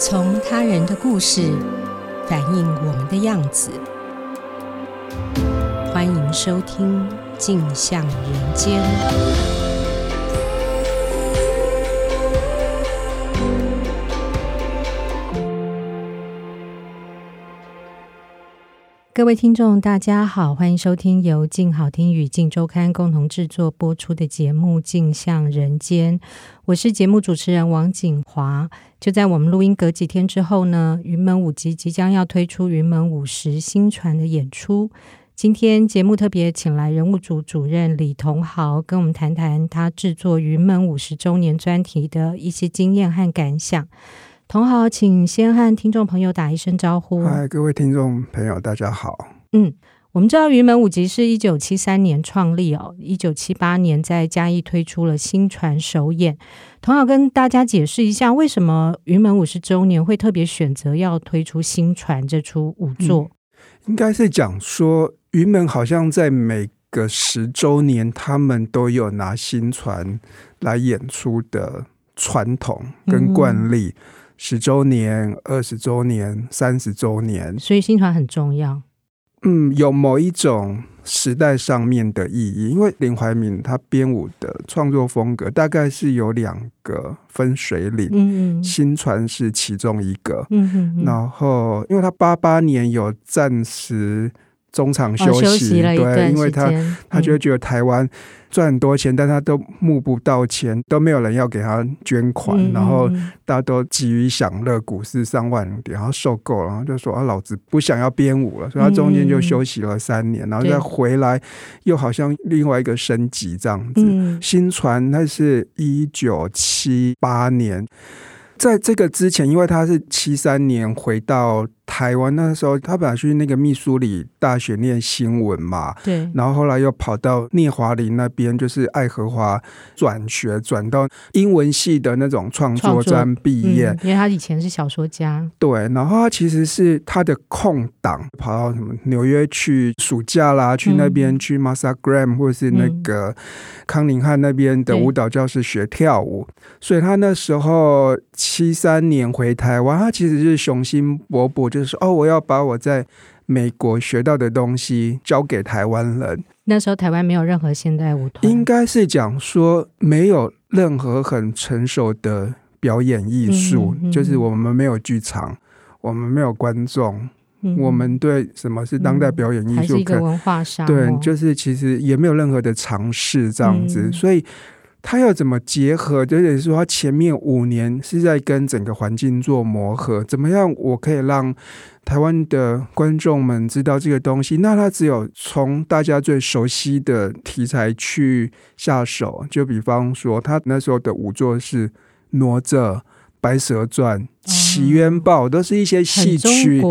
從他人的故事反映我們的樣子。歡迎收聽《鏡像人間》。各位聽眾，大家好，歡迎收聽由鏡好聽與鏡週刊共同製作播出的節目《鏡相人間》，我是節目主持人王景華。就在我們錄音隔幾天之後呢，雲門舞集即將要推出雲門五十薪傳的演出。今天節目特別請來人物組主、主任李桐豪，跟我們談談他製作雲門五十周年專題的一些經驗和感想。同好，請先和聽眾朋友打一聲招呼。嗨，各位聽眾朋友，大家好。嗯，我們知道雲門舞集是一九七三年創立哦，一九七八年在嘉義推出了薪傳首演。同好跟大家解釋一下，為什麼雲門五十周年會特別選擇要推出薪傳這出舞作？嗯，應該是講說，雲門好像在每個十周年，他們都有拿薪傳來演出的傳統跟慣例。嗯十周年、二十周年、三十周年，所以《薪傳》很重要。嗯，有某一種時代上面的意義，因為林懷民他編舞的創作風格大概是有兩個分水嶺，嗯嗯，薪傳是其中一個。嗯、哼哼，然後因為他八八年有暫時。中場休息，哦、休息對，因為他、嗯、他就覺得台灣賺很多錢，但他都募不到錢，都沒有人要給他捐款，然後大家都急於享樂，股市上萬點，然後受夠了，然後就說啊，老子不想要編舞了，所以他中間就休息了三年，然後再回來，嗯、又好像另外一個升級這樣子。嗯、薪傳，他是一九七八年，在這個之前，因為他是七三年回到，台灣那時候，他本來去那個密蘇里大學念新聞嘛，對，然後後來又跑到聶華苓那邊，就是愛荷華轉學，轉到英文系的那種創作專畢業，嗯，因為他以前是小說家，對，然後他其實是他的空檔跑到什麼紐約去暑假啦，去那邊、嗯、去 Martha Graham, 或是那個康寧漢那邊的舞蹈教室學跳舞，對所以他那時候七三年回台灣，他其實是雄心勃勃就。就是哦，我要把我在美國學到的東西交給台灣人。那時候台灣沒有任何現代舞團，應該是講說沒有任何很成熟的表演藝術，嗯哼嗯哼，就是我們沒有劇場，我們沒有觀眾，嗯、哼我們對什麼是當代表演藝術、嗯、還是個文化沙漠對，就是其實也沒有任何的嘗試這樣子，嗯、所以。他要怎麼結合？就是說，他前面五年是在跟整個環境做磨合，怎麼樣，我可以讓台灣的觀眾們知道這個東西？那他只有從大家最熟悉的題材去下手，就比方說，他那時候的舞作是《哪吒》、《白蛇傳》、《奇冤報》，嗯，都是一些戲曲。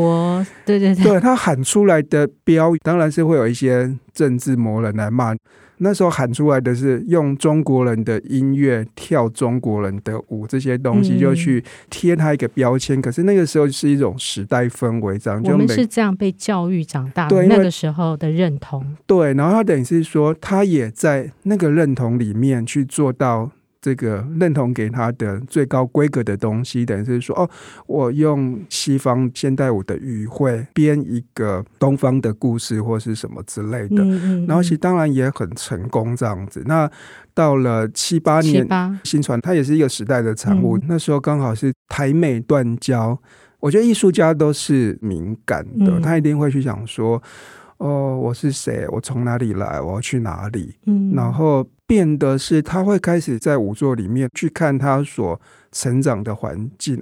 對、對、對，他喊出來的標語，當然是會有一些政治魔人來罵。那時候喊出來的是用中國人的音樂跳中國人的舞，這些東西就去貼他一個標籤。嗯、可是那個時候是一種時代氛圍，這樣，就我們是這樣被教育長大的，對那個時候的認同。對，然後他等於是說，他也在那個認同裡面去做到。這個認同給他的最高規格的東西，等於是說哦，我用西方現代舞的語彙編一個東方的故事，或是什麼之類的。嗯、然後其實當然也很成功這樣子。那到了七八年，八。薪傳，它也是一個時代的產物，嗯、那時候剛好是台美斷交，我覺得藝術家都是敏感的，他一定會去想說。哦，我是誰？我從哪裡來？我要去哪裡？嗯，然後變得是，他會開始在舞作裡面去看他所。成長的環境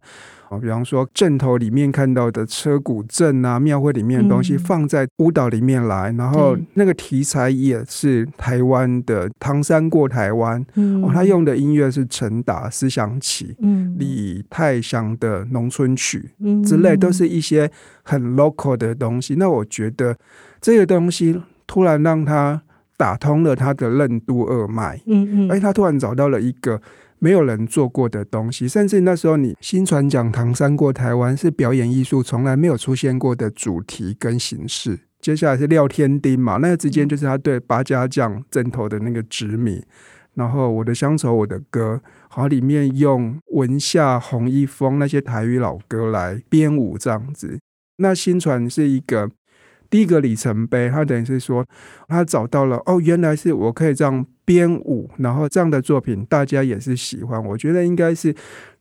哦，比方說陣頭裡面看到的車鼓陣啊，廟會裡面的東西放在舞蹈裡面來，嗯、然後那個題材也是台灣的《唐山過台灣》，嗯、哦，他用的音樂是陳達思想起，嗯、李泰祥的《農村曲》之類，都是一些很 local 的東西。嗯、那我覺得這個東西突然讓他打通了他的任督二脈，嗯嗯，嗯而且他突然找到了一個。沒有人做過的東西，甚至那時候你薪傳講唐山過台灣是表演藝術從來沒有出現過的主題跟形式。接下來是廖添丁嘛，那個、之間就是他對八家將陣頭的那個執迷，然後我的鄉愁，我的歌，好裡面用文夏、洪一峰那些台語老歌來編舞這樣子。那薪傳是一個。第一個里程碑，他等於是說，他找到了哦，原來是我可以這樣編舞，然後這樣的作品大家也是喜歡。我覺得應該是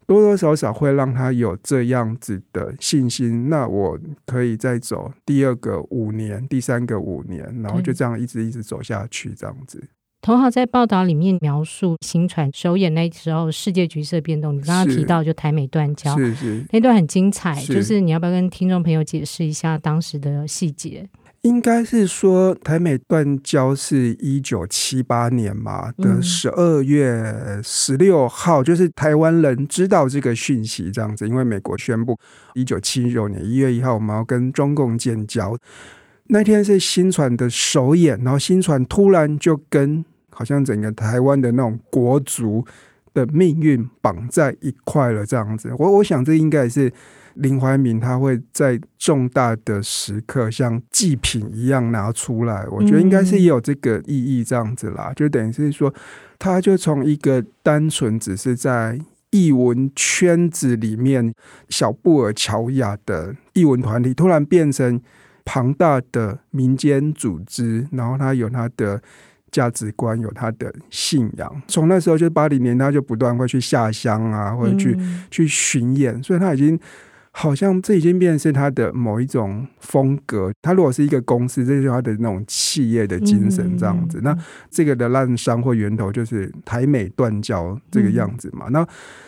多多少少會讓他有這樣子的信心，那我可以再走第二個五年，第三個五年，然後就這樣一直一直走下去，這樣子。嗯。同行在報道裡面描述薪傳首演那時候世界局勢變動，你剛剛提到就台美斷交。是，是，是那段很精彩，是就是你要不要跟聽眾朋友解釋一下當時的細節？應該是說台美斷交是一九七八年嘛的十二月十六號，嗯、就是台灣人知道這個訊息這樣子，因為美國宣佈一九七九年一月一號我們要跟中共建交，那天是薪傳的首演，然後薪傳突然就跟。好像整個台灣的那種國族的命運綁在一塊了，這樣子。我我想這應該也是林懷民，他會在重大的時刻像祭品一樣拿出來。我覺得應該是也有這個意義，這樣子啦。就等於是說，他就從一個單純只是在藝文圈子裡面小布爾喬亞的藝文團體，突然變成龐大的民間組織，然後他有他的。價值觀有他的信仰，從那時候就八零年，他就不斷會去下鄉啊，或者去嗯嗯去巡演，所以他已經。好像這已經變成他的某一種風格。他如果是一個公司，這就是他的那種企業的精神這樣子。那這個的濫觴或源頭就是台美斷交這個樣子嘛。那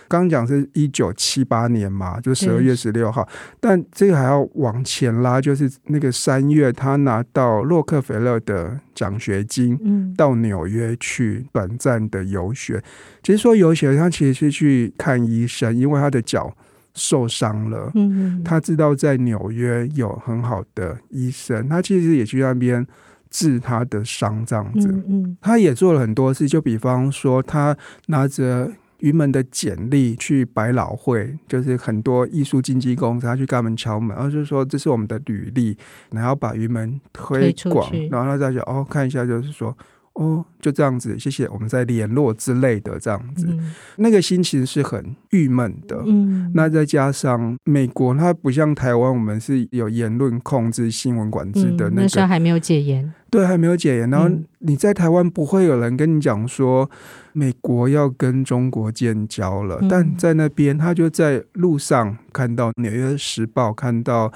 剛剛講是一九七八年嘛，就十二月十六號。但這個還要往前拉，就是那個三月，他拿到洛克菲勒的獎學金，到紐約去短暫的遊學。其實說遊學，他其實是去看醫生，因為他的腳。受傷了，嗯，他知道在紐約有很好的醫生，他其實也去那邊治他的傷，這樣子，嗯他也做了很多事，就比方說，他拿着雲門的簡歷去百老匯，就是很多藝術經紀公司，他去干門敲門，然後就是說這是我們的履歷，然後把雲門推廣，推然後他再講哦，看一下，就是說。哦，就這樣子，謝謝，我們再聯絡之類的這樣子，嗯、那個心情是很鬱悶的。嗯，那再加上美國，它不像台灣，我們是有言論控制、新聞管制的那個、嗯。那時候還沒有解嚴。對，還沒有解嚴。然後你在台灣不會有人跟你講說，美國要跟中國建交了，嗯、但在那邊他就在路上看到《紐約時報》看到《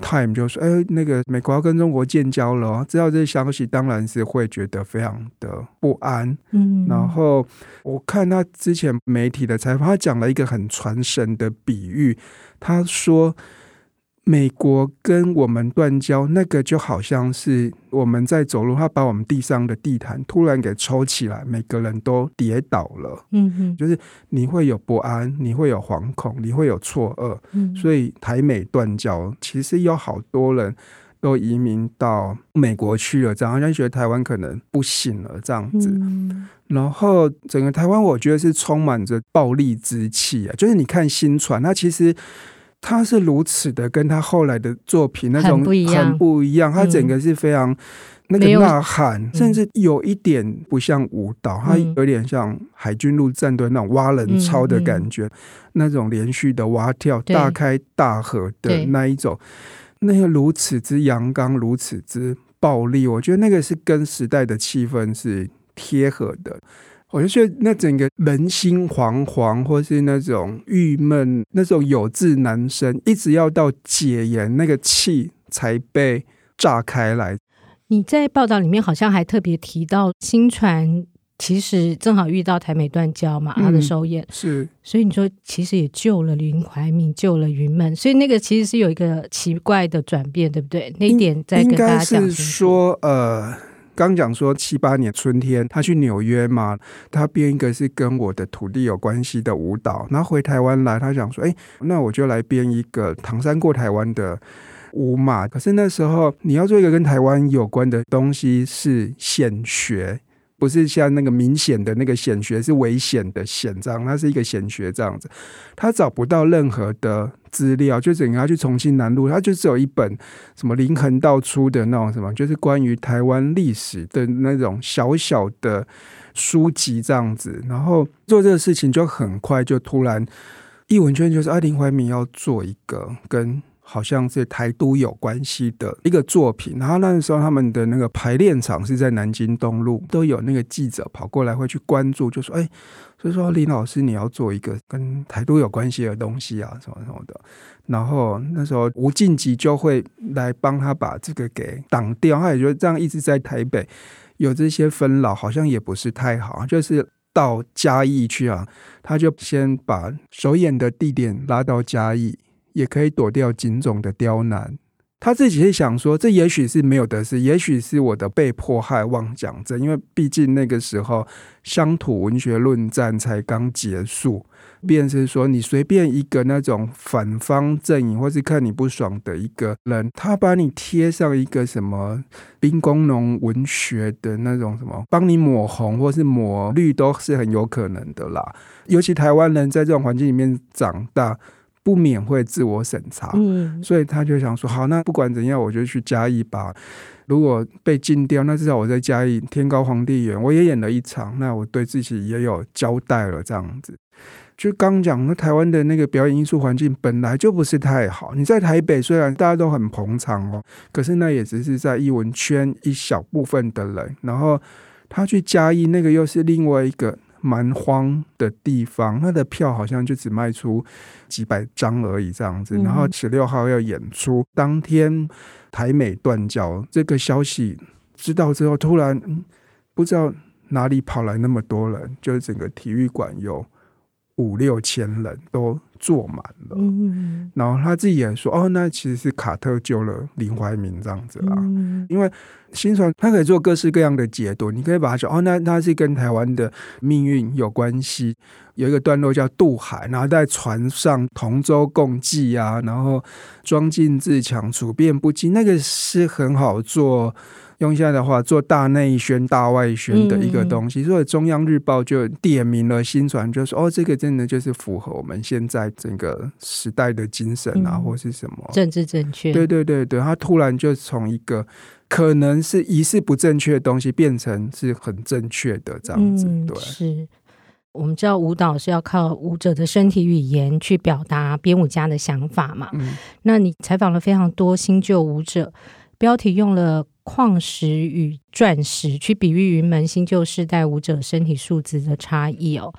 Time》就說：“哎，那個美國要跟中國建交了。”知道這些消息當然是會覺得非常的不安。嗯、然後我看他之前媒體的採訪，他講了一個很傳神的比喻，他說。美國跟我們斷交，那個就好像是我們在走路，他把我們地上的地毯突然給抽起來，每個人都跌倒了。嗯哼，就是你會有不安，你會有惶恐，你會有錯愕。嗯，所以台美斷交，其實有好多人都移民到美國去了，然後好像覺得臺灣可能不行了，這樣子。嗯，然後整個臺灣，我覺得是充滿着暴力之氣啊，就是你看薪傳，它其實。他是如此的，跟他後來的作品那種很不一樣，他整個是非常、嗯、那個吶喊，嗯、甚至有一點不像舞蹈，他、嗯、有點像海軍陸戰隊那種蛙人操的感覺，嗯嗯、那種連續的蛙跳，嗯、大開大合的那一種，那些如此之陽剛，如此之暴力，我覺得那個是跟時代的氣氛是貼合的。我就覺得那整個人心惶惶，或是那種鬱悶，那種有志難伸，一直要到解嚴，那個氣才被炸開來。你在報道裡面好像還特別提到，薪傳其實正好遇到台美斷交嘛，嗯、他的首演是，所以你說其實也救了林懷民，救了雲門，所以那個其實是有一個奇怪的轉變，對不對？應那一點再跟大家講清剛講說七八年春天他去紐約嘛，他編一個是跟我的土地有關係的舞蹈，然後回台灣來，他講說，哎，那我就來編一個唐山過台灣的舞碼。可是那時候你要做一個跟台灣有關的東西，是險學。不是像那個明顯的那個顯學，是危險的險，這樣，它是一個險學這樣子，他找不到任何的資料，就怎樣去重慶南路，他就只有一本什麼林衡道出的那種什麼，就是關於台灣歷史的那種小小的書籍這樣子，然後做這個事情就很快就突然藝文圈就是啊，林懷民要做一個跟。好像是台都有關係的一個作品，然後那個時候他們的那個排練場是在南京東路，都有那個記者跑過來會去關注，就說：“哎、欸，所以說林老師你要做一個跟台都有關係的東西啊，什麼什麼的。”然後那時候吳靜吉就會來幫他把這個給擋掉，他也覺得這樣一直在台北有這些紛擾，好像也不是太好，就是到嘉義去啊，他就先把首演的地點拉到嘉義。也可以躲掉警總的刁難。他自己是想說，這也許是沒有的事，也許是我的被迫害妄想症。因為畢竟那個時候鄉土文學論戰才剛結束，變成說，你隨便一個那種反方陣營，或是看你不爽的一個人，他把你貼上一個什麼“兵工農文學”的那種什麼，幫你抹紅或是抹綠，都是很有可能的啦。尤其台灣人在這種環境裡面長大。不免會自我審查，所以他就想說：好，那不管怎樣，我就去嘉義吧。如果被禁掉，那至少我在嘉義，天高皇帝遠，我也演了一場，那我對自己也有交代了。這樣子，就剛講那台灣的那個表演藝術環境本來就不是太好。你在台北雖然大家都很捧場哦，可是那也只是在藝文圈一小部分的人。然後他去嘉義，那個又是另外一個。蠻荒的地方，他的票好像就只賣出幾百張而已這樣子。然後十六號要演出，嗯、當天台美斷交這個消息知道之後，突然不知道哪裡跑來那麼多人，就是整個體育館有。五六千人都坐滿了，然後他自己也說，哦，那其實是卡特救了林懷民這樣子啊，嗯、因為薪傳他可以做各式各樣的解讀，你可以把它說，哦，那那是跟台灣的命運有關係，有一個段落叫渡海，然後在船上同舟共濟啊，然後莊敬自強，處變不驚，那個是很好做，用現在的話，做大內宣、大外宣的一個東西，嗯、所以中央日報就點名了薪傳，就說：“哦，這個真的就是符合我們現在整個時代的精神啊，嗯、或是什麼政治正確？”對對對對，他突然就從一個可能是疑似不正確的東西，變成是很正確的這樣子。對，嗯、是我們知道舞蹈是要靠舞者的身體語言去表達編舞家的想法嘛？嗯、那你採訪了非常多新舊舞者。標題用了礦石與鑽石去比喻雲門新舊世代舞者身體素質的差異哦。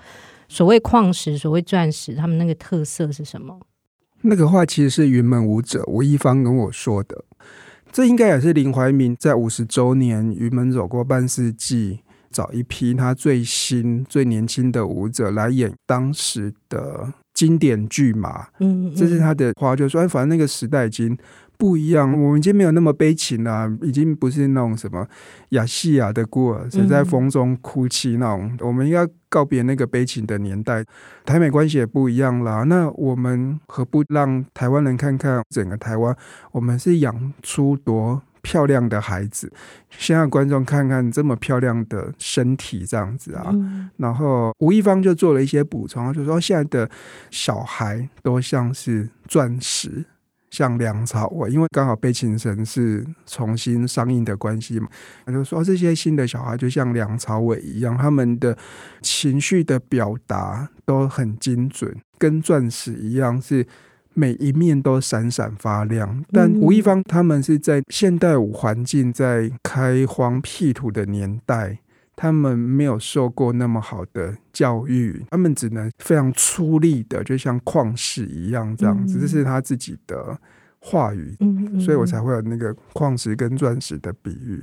所謂礦石，所謂鑽石，他們那個特色是什麼？那個話其實是雲門舞者吳一芳跟我說的。這應該也是林懷民在五十周年雲門走過半世紀，找一批他最新最年輕的舞者來演當時的經典劇碼。嗯，嗯，這是他的話就說，反正那個時代已經。不一樣，我們已經沒有那麼悲情了，啊，已經不是那種什麼亞細亞的孤兒，誰在風中哭泣那種。嗯、我們應該告別那個悲情的年代。台美關係也不一樣了，那我們何不讓台灣人看看整個台灣，我們是養出多漂亮的孩子？先讓觀眾看看這麼漂亮的身體這樣子啊。嗯、然後吳義芳就做了一些補充，就說現在的小孩都像是鑽石。像梁朝偉，因為剛好《悲情城市》是重新上映的關係嘛，他就說、哦、這些新的小孩就像梁朝偉一樣，他們的情緒的表達都很精準，跟鑽石一樣，是每一面都閃閃發亮。但吳義芳他們是在現代舞環境，在開荒闢土的年代。他們沒有受過那麼好的教育，他們只能非常出力的，就像礦石一樣這樣子。嗯嗯，這是他自己的話語，嗯嗯，所以我才會有那個礦石跟鑽石的比喻。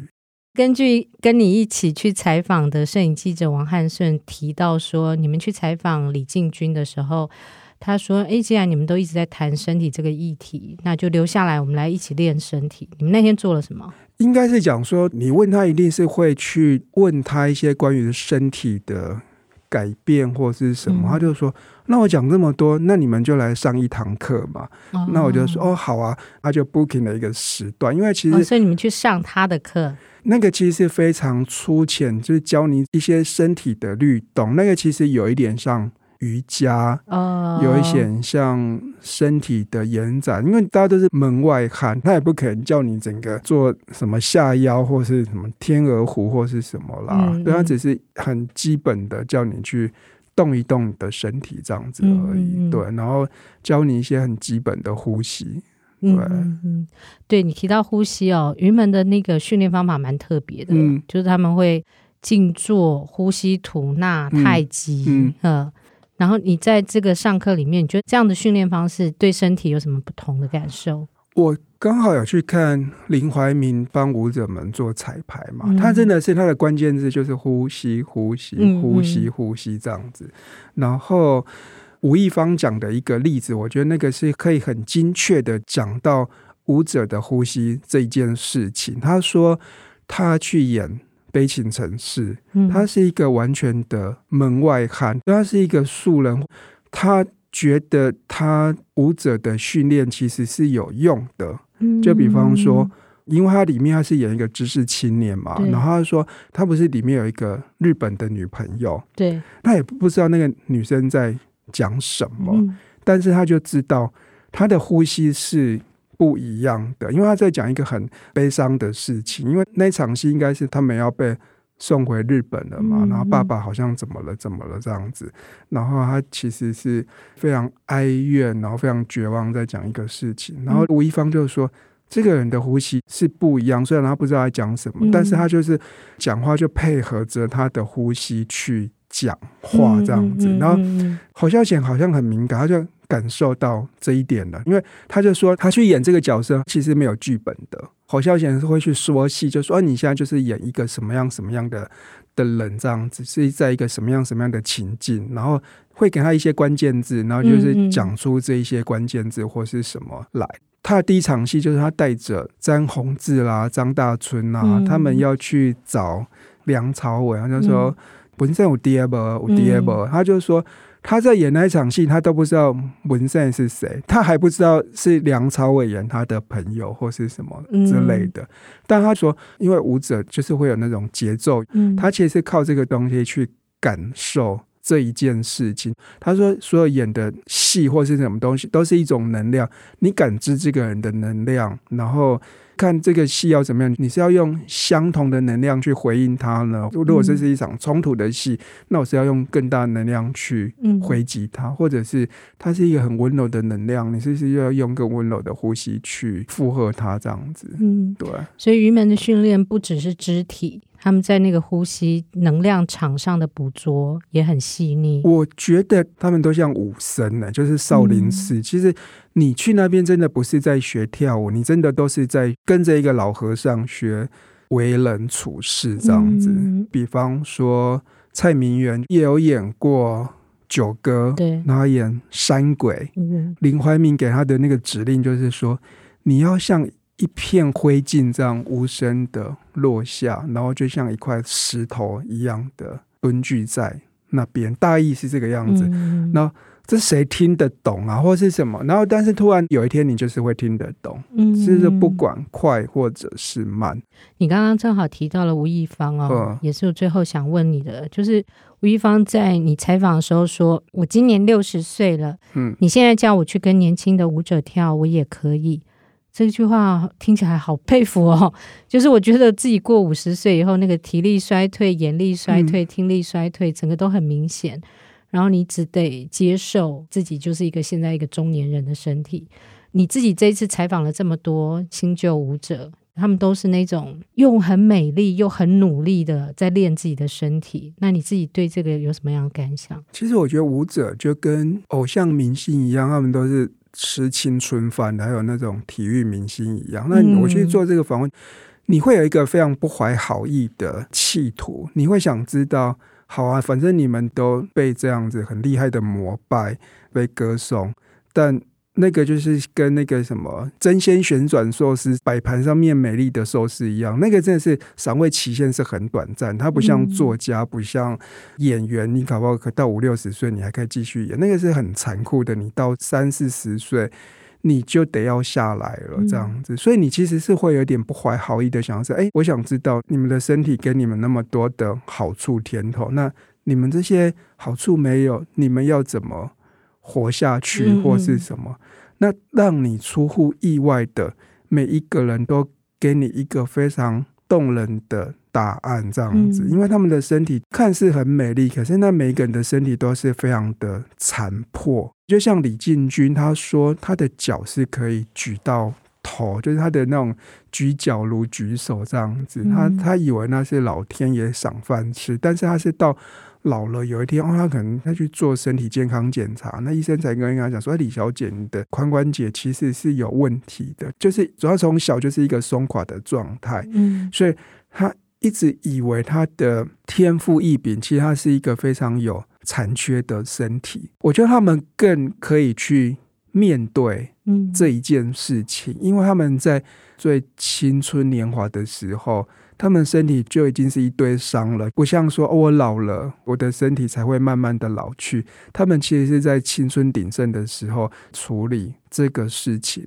根據跟你一起去採訪的攝影記者王漢順提到說，你們去採訪李進軍的時候，他說：“誒、欸，既然你們都一直在談身體這個議題，那就留下來，我們來一起練身體。你們那天做了什麼？”應該是講說，你問他一定是會去問他一些關於身體的改變或是什麼。嗯、他就說：“那我講這麼多，那你們就來上一堂課嘛。”嗯、那我就說：“哦，好啊。”他就 booking 了一個時段，因為其實，所以你們去上他的課，那個其實是非常粗淺，就是教你一些身體的律動。那個其實有一點像。瑜伽有一些像身體的延展，哦、因為大家都是門外漢，他也不可能叫你整個做什麼下腰或是什麼天鵝湖或是什麼啦，嗯、對，他只是很基本的叫你去動一動你的身體這樣子而已。嗯嗯、對，然後教你一些很基本的呼吸。對，嗯嗯、對你提到呼吸哦，雲門的那個訓練方法蠻特別的，嗯、就是他們會靜坐、呼吸、吐納、太極，嗯嗯然後你在這個上課裡面，你覺得這樣的訓練方式對身體有什麼不同的感受？我剛好有去看林懷民幫舞者們做彩排嘛，嗯、他真的是他的關鍵字就是呼吸，呼吸，呼吸，呼吸這樣子。嗯嗯，然後吳義芳講的一個例子，我覺得那個是可以很精確的講到舞者的呼吸這件事情。他說他去演。悲情城市，他是一個完全的門外漢，他、嗯、是一個素人。他覺得他舞者的訓練其實是有用的，嗯、就比方說，因為他裡面他是演一個知識青年嘛，對然後他說他不是裡面有一個日本的女朋友，對，他也不知道那個女生在講什麼，嗯、但是他就知道他的呼吸是。不一樣的，因為他在講一個很悲傷的事情，因為那場戲應該是他們要被送回日本了嘛，然後爸爸好像怎麼了，怎麼了這樣子，然後他其實是非常哀怨，然後非常絕望，在講一個事情，然後吳一方就說，這個人的呼吸是不一樣，雖然他不知道在講什麼，但是他就是講話就配合着他的呼吸去講話這樣子，然後侯孝賢好像很敏感，他就。感受到這一點了，因為他就說他去演這個角色其實沒有劇本的，侯孝賢是會去說戲，就說你現在就是演一個什麼樣什麼樣的的人這樣子，是在一個什麼樣什麼樣的情境，然後會給他一些關鍵字，然後就是講出這一些關鍵字或是什麼來。嗯嗯，他的第一場戲就是他帶着詹宏志啦、張大春啊，嗯嗯，他們要去找梁朝偉，他就說：“不是在我爹，我爹他就說。他在演那一場戲，他都不知道文善是誰，他還不知道是梁朝偉演他的朋友或是什麼之類的。嗯、但他說，因為舞者就是會有那種節奏，嗯、他其實是靠這個東西去感受這一件事情。他說，所有演的戲或是什麼東西，都是一種能量，你感知這個人的能量，然後。看這個戲要怎麼樣？你是要用相同的能量去回應它呢？如果這是一場衝突的戲，嗯、那我是要用更大的能量去回擊它，嗯、或者是它是一個很溫柔的能量，你是不是要用更溫柔的呼吸去附和它這樣子。嗯，對。所以雲門的訓練不只是肢體，他們在那個呼吸能量場上的捕捉也很細膩。我覺得他們都像武僧呢、欸，就是少林寺。嗯、其實。你去那邊真的不是在學跳舞，你真的都是在跟着一個老和尚學為人處事這樣子。嗯、比方說，蔡明元也有演過《九歌》，對，然後演《山鬼》嗯。林懷民給他的那個指令就是說，你要像一片灰燼這樣無聲的落下，然後就像一塊石頭一樣的蹲踞在那邊，大意是這個樣子。那、嗯。這誰聽得懂啊，或是什麼？然後，但是突然有一天，你就是會聽得懂。嗯，就是，是不管快或者是慢。你剛剛正好提到了吳義芳哦，嗯、也是我最後想問你的，就是吳義芳在你採訪的時候說：“我今年六十歲了。”嗯，你現在叫我去跟年輕的舞者跳，我也可以。嗯、這句話聽起來好佩服哦。就是我覺得自己過五十歲以後，那個體力衰退、眼力衰退、聽力衰退，整個都很明顯。嗯然後你只得接受自己就是一個現在一個中年人的身體。你自己這一次採訪了這麼多新舊舞者，他們都是那種又很美麗又很努力的在練自己的身體。那你自己對這個有什麼樣的感想？其實我覺得舞者就跟偶像明星一樣，他們都是吃青春飯的，還有那種體育明星一樣。那我去做這個訪問，嗯、你會有一個非常不懷好意的企圖，你會想知道。好啊，反正你們都被這樣子很厲害的膜拜、被歌頌，但那個就是跟那個什麼爭鮮旋轉壽司、擺盤上面美麗的壽司一樣，那個真的是賞味期限是很短暫，它不像作家，不像演員，你搞不好可到五六十歲你還可以繼續演，那個是很殘酷的，你到三四十歲。你就得要下來了，這樣子，嗯、所以你其實是會有點不懷好意的想，想說，哎，我想知道你們的身體給你們那麼多的好處甜頭，那你們這些好處沒有，你們要怎麼活下去或是什麼？嗯嗯，那讓你出乎意外的，每一個人都給你一個非常動人的答案，這樣子，嗯、因為他們的身體看似很美麗，可是那每一個人的身體都是非常的殘破。就像李進軍，他說他的腳是可以舉到頭，就是他的那種舉腳如舉手這樣子。他他以為那是老天爺賞飯吃，但是他是到老了有一天，哦，他可能他去做身體健康檢查，那醫生才跟他講說，李小姐你的髖關節其實是有問題的，就是主要從小就是一個鬆垮的狀態。嗯，所以他一直以為他的天賦異稟，其實他是一個非常有。殘缺的身體，我覺得他們更可以去面對這一件事情，嗯、因為他們在最青春年華的時候，他們身體就已經是一堆傷了，不像說，哦，我老了，我的身體才會慢慢的老去。他們其實是在青春鼎盛的時候處理這個事情。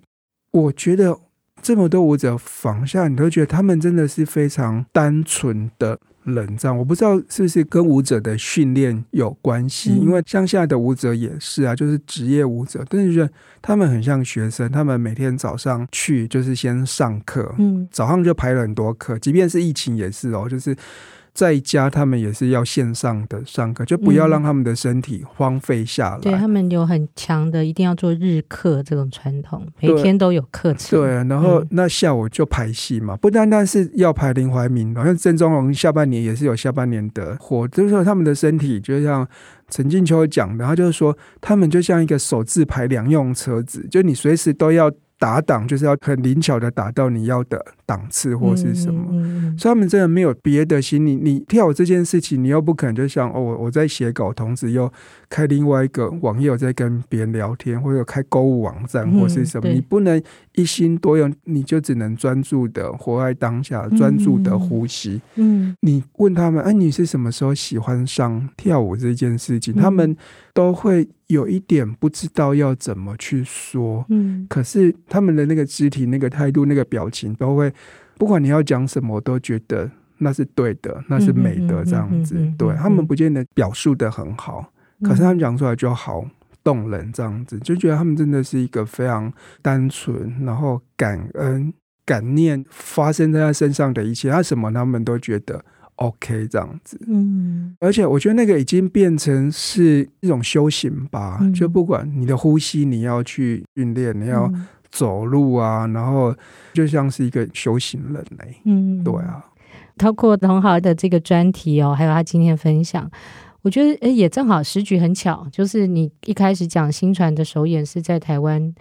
我覺得這麼多舞者放下，你都覺得他們真的是非常單純的。冷戰，我不知道是不是跟舞者的訓練有關係，因為像現在的舞者也是啊，就是職業舞者，但是覺得他們很像學生，他們每天早上去就是先上課，早上就排了很多課，即便是疫情也是哦，就是。在家他們也是要線上的上課，就不要讓他們的身體荒廢下來。嗯、對他們有很強的一定要做日課這種傳統，對每天都有課程。對，然後那下午就排戲嘛，嗯、不單單是要排林懷民，好像鄭宗龍下半年也是有下半年的活。就是說他們的身體，就像陳靜秋講的，然後就是說他們就像一個手自排兩用車子，就你隨時都要。打檔就是要很靈巧的打到你要的檔次或是什麼，嗯嗯、所以他們真的沒有別的心理。你跳舞這件事情，你又不可能就像哦，我我在寫稿，同時又開另外一個網頁，在跟別人聊天，或者開購物網站或是什麼，嗯、你不能一心多用，你就只能專注的活在當下，專注的呼吸。嗯，嗯你問他們，哎、啊，你是什麼時候喜歡上跳舞這件事情？嗯、他們。都會有一點不知道要怎麼去說，嗯，可是他們的那個肢體、那個態度、那個表情，都會不管你要講什麼，都覺得那是對的，那是美的這樣子。嗯嗯嗯嗯嗯、對他們不見得表述得很好，嗯、可是他們講出來就好動人這樣子，就覺得他們真的是一個非常單純，然後感恩、感念發生在他身上的一切，他什麼他們都覺得。OK，這樣子，嗯，而且我覺得那個已經變成是一種修行吧，嗯、就不管你的呼吸，你要去訓練，你要走路啊，嗯、然後就像是一個修行人類、欸、嗯，對啊，包括、嗯、同豪的這個專題哦，還有他今天的分享，我覺得也正好時局很巧，就是你一開始講薪傳的首演是在台灣。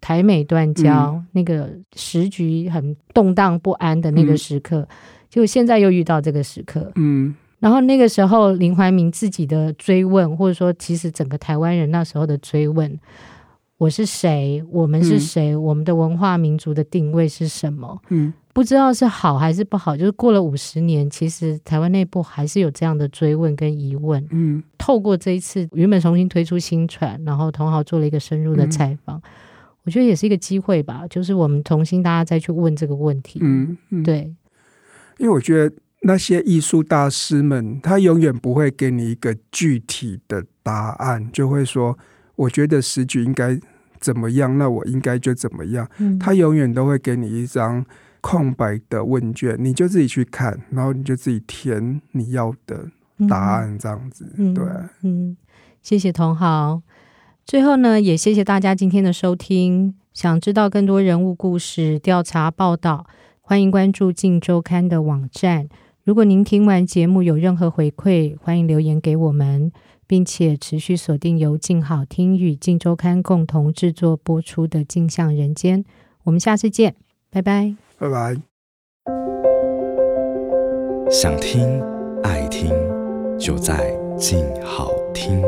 台美斷交，嗯、那個時局很動盪不安的那個時刻，嗯、就現在又遇到這個時刻。嗯，然後那個時候，林懷民自己的追問，或者說，其實整個台灣人那時候的追問：我是誰？我們是誰？嗯、我們的文化、民族的定位是什麼？嗯，不知道是好還是不好。就是過了五十年，其實台灣內部還是有這樣的追問跟疑問。嗯，透過這一次，原本重新推出薪傳，然後同行做了一個深入的採訪。嗯嗯我覺得也是一個機會吧，就是我們重新大家再去問這個問題。嗯，嗯對。因為我覺得那些藝術大師們，他永遠不會給你一個具體的答案，就會說：“我覺得時局應該怎麼樣，那我應該就怎麼樣。嗯”他永遠都會給你一張空白的問卷，你就自己去看，然後你就自己填你要的答案，嗯、這樣子。嗯、對，嗯，謝謝同浩。最後呢，也謝謝大家今天的收聽。想知道更多人物故事、調查報道，歡迎關注《鏡週刊》的網站。如果您聽完節目有任何回饋，歡迎留言給我們，並且持續鎖定由《鏡好聽》與《鏡週刊》共同製作播出的《鏡像人間》。我們下次見，拜拜。拜拜。想聽愛聽，就在《鏡好聽》。